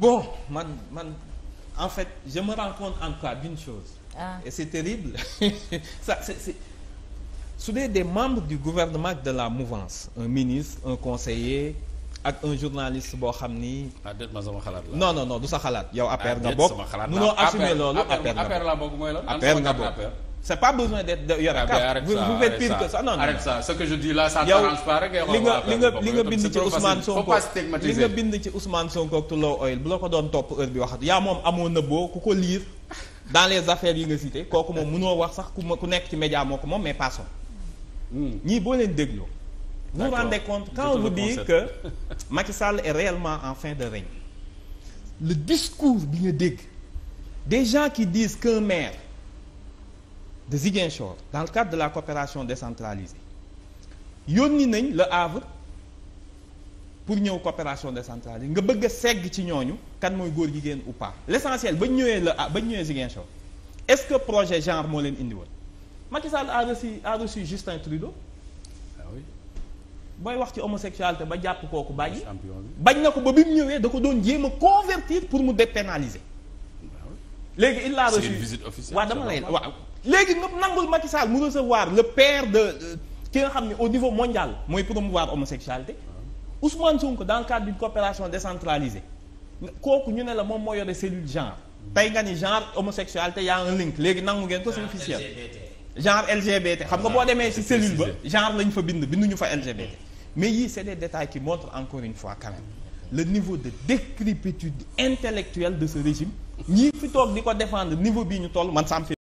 bon man man en fait je me rends compte encore chose. Ah. et c'est terrible ça c'est c'est su dee des membres du gouvernement de la mouvance un ministre un conseiller ak un journaliste boo xam ni. ah déet ma sama xalaat la. non non non du sa xalaat yow. Ah, affaire nga bokk ah déet sama xalaat la munoo assumer loolu. affaire nga bokk affaire nga bokk. c'est pas besoin d'être de ah, yor carte vous vous faites pire que ça non non arrête ça ce que je dis li nga li nga li nga bind ci Ousmane Sonko li nga bind ci Ousmane Sonko ak Tullow Oil bu la ko doon topp heure bi waxat yaa moom amoo nëbboo ku ko lire dans les affaires yi nga cité kooku moom noo wax sax ku ku nekk ci média moo ko moom mais passons. Hmm. ñii boo leen dégloo. vous vous rendez compte quand vous dit que Macky Sall est réellement en fin de règne le discours bi nga dégg des gens qui disent qu'un maire de Ziguinchor dans le cadre de la coopération décentralisée ni nañ Le Havre pour ñëw coopération décentralisée nga bëgg segg ci ñooñu kan mooy góor jigéen ou pas l' essentiel ba ñu ñëwee Le Havre ba ñu est ce que projet genre moo leen indi woon Macky Sall a reçu a reçu Justin Trudeau ah oui booy wax ci homosexualité ba jàpp kooku bàyyi bañ na ko ba bi mu ñëwee da ko doon jéem a convertir pour mu dépénaliser léegi il l'a reçu c'est une visite officielle waaw dama lay waaw léegi nga nangul Macky mu recevoir le père de ki nga xam ne au niveau mondial mooy promouvoir homosexualité ah. Ousmane Sonko dans le cadre d'une coopération décentralisée kooku ñu ne la moom moo yore cellule genre tey nga ni genre homosexualité y a un link léegi nangu ngeen ko c'est officiel genre LGBT xam nga boo demee si cellule ba genre lañ fa bind binduñu fa LGBT mais yii c'est des détails qui montrent encore une fois quand le niveau de décrépitude intellectuelle de ce régime ñii fi toog di ko défendre niveau bii ñu toll man ça